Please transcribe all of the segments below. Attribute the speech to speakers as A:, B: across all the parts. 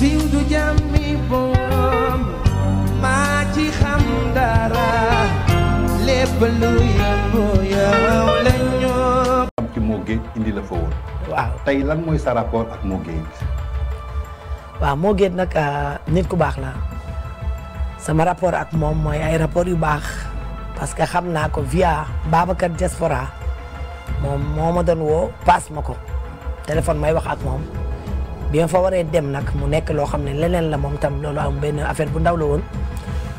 A: siiw jàmmi boom maa ci xam dara lépp lu yëngu yow la ñoo
B: ci moo géej indi la fa waaw tey lan mooy sa rapport ak moo géej
A: waaw moo ah, baax la sama rapport ak moom mooy ay rapport yu baax parce que xam naa ko via Babacar Diaspora moom moo ma doon woo paas ma ko téléphone may wax ak moom bien fa waré dem nak mu nek lo xamné ne leneen la mom tam lolu am ben affaire bu ndaw la won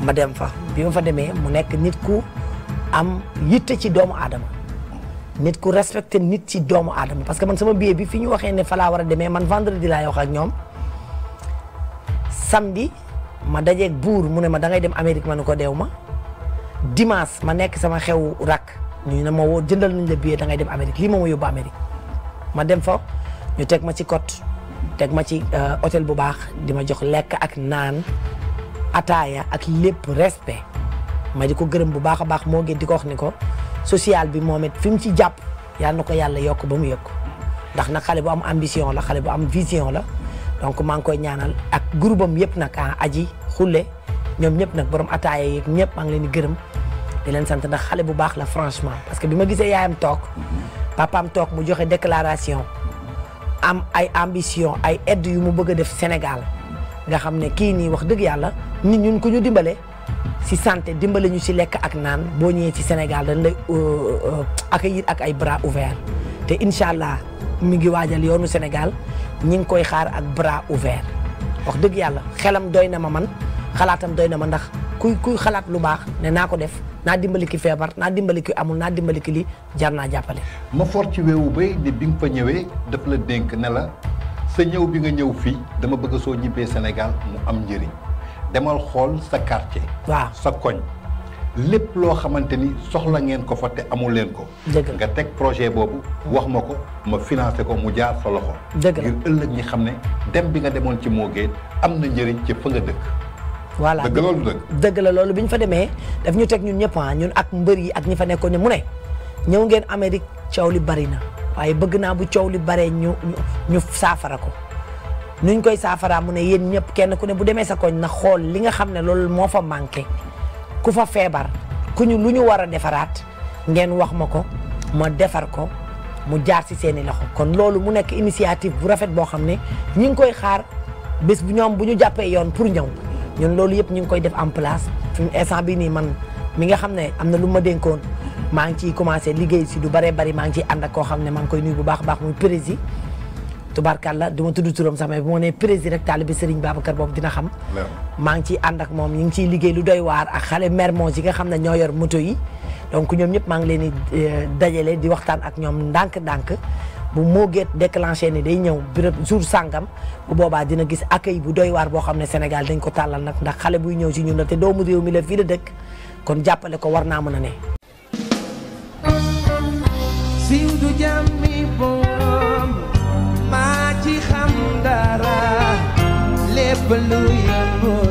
A: ma dem fa bima fa démé mu nek nit ku am yitté ci doomu adam nit ku respecté nit ci doomu adam parce que man sama billet bi fiñu waxé né fa la wara démé man vendredi la wax ak ñom samedi ma ak bour mu né ma da ngay dem Amérique man ko déwuma dimanche ma nek sama xew rak ñu na ma wo jëndal nañ la billet da ngay dem Amérique li moom ma yóbbu Amérique ma dem fa ñu tek ma ci cote tek ma ci eh, hôtel bu baax di jox lek ak naan ataya ak lepp respect ma diko ko gërëm bu baax baax moo ngi di wax niko social bi momit fim ci japp ya nako yalla yok bamu yok ndax na xalé bu am ambition la xalé bu am vision la donc ma ngoy ñaanal ak groupam am nak nag aji ah, xulle ñoom ñëpp nak borom ataya yeeg ñëpp ma ngi leen di gërëm di leen sant ndax xalé bu baax la franchement parce que bima gisé yaayam tok papaam tok mu joxe déclaration am ay ambition ay aide yu mu bëgg a def Sénégal nga xam ne kii nii wax dëgg yàlla nit ñun ko ñu dimbale si santé dimbale ñu si lekk ak naan boo ñëwee ci Sénégal dañ lay euh, euh, accueillir ak ay bras ouverts te incha allah mi ngi waajal yoonu Sénégal ñi ngi koy xaar ak bras ouverts wax dëgg yàlla xelam doy na ma man xalaatam doy na ma ndax. kuy kuy xalaat lu baax ne naa ko def naa dimbali ki feebar naa dimbali ki amul naa dimbali ki li jar naa jàppale.
B: ma for ci weewu bay ne bi nga fa ñëwee daf la dénk ne la sa ñëw bi nga ñëw fii dama bëgg soo ñibbee senegal mu am njëriñ demal xool sa quartier. waaw sa koñ. lépp loo xamante ni soxla ngeen ko fa te amul leen ko. nga teg projet boobu. wax ma ko ma financé ko mu jaar sa loxo. ngir ëllëg ñi xam ne dem bi nga demoon ci moo géet am na njëriñ ci fa nga dëkk. voilà dëgg loolu
A: dëgg la loolu bi ñu fa demee daf ñu teg ñun ñëpp ah, ñun ak mbër yi ak ñi fa nekkoon mu ne ñëw ngeen Amérique coow li bari na waaye bëgg naa bu coow li baree ñu ñu saafara ko nuñ koy saafaraa mu ne yéen ñëpp kenn ku ne bu demee sa koñ na xool li nga xam ne loolu moo fa manqué ku fa feebar ku ñu lu ñu war a defaraat ngeen wax ma ko ma defar ko mu jaar si seeni loxo kon loolu mu nekk initiative bu rafet boo xam ne ñu ngi koy xaar bés bu ñoom bu ñu jàppee yoon pour ñëw ñun loolu yëpp ñu ngi koy def en place fi bii instant nii man mi nga xam ne am na lu ma dénkoon maa ngi ciy commencé liggéey si du bare bari maa ngi ciy ànd ak koo xam ne maa ngi koy nuyu bu baax a baax muy prési la du ma tudd turam sax mais bu ma nee prési rek taalibe Serigne Babacar boobu dina xam maa ngi ciy ànd ak moom ñu ngi ciy liggéey lu doy waar ak mer moo yi nga xam ne ñoo yor moto yi donc ñoom ñëpp maa ngi leen di euh, dajale di waxtaan ak ñoom ndànk-ndànk bu get déclencher ne day ñew béréb jour sangam bu boba dina gis accueil bu doy war bo xam Sénégal dañ ko talal nak ndax xalé bu ñew ci ñun la té doomu réew mi la fi la dëkk kon jappalé ko warna mëna né a jammi bom ma
B: ci xam dara lepp lu yëngu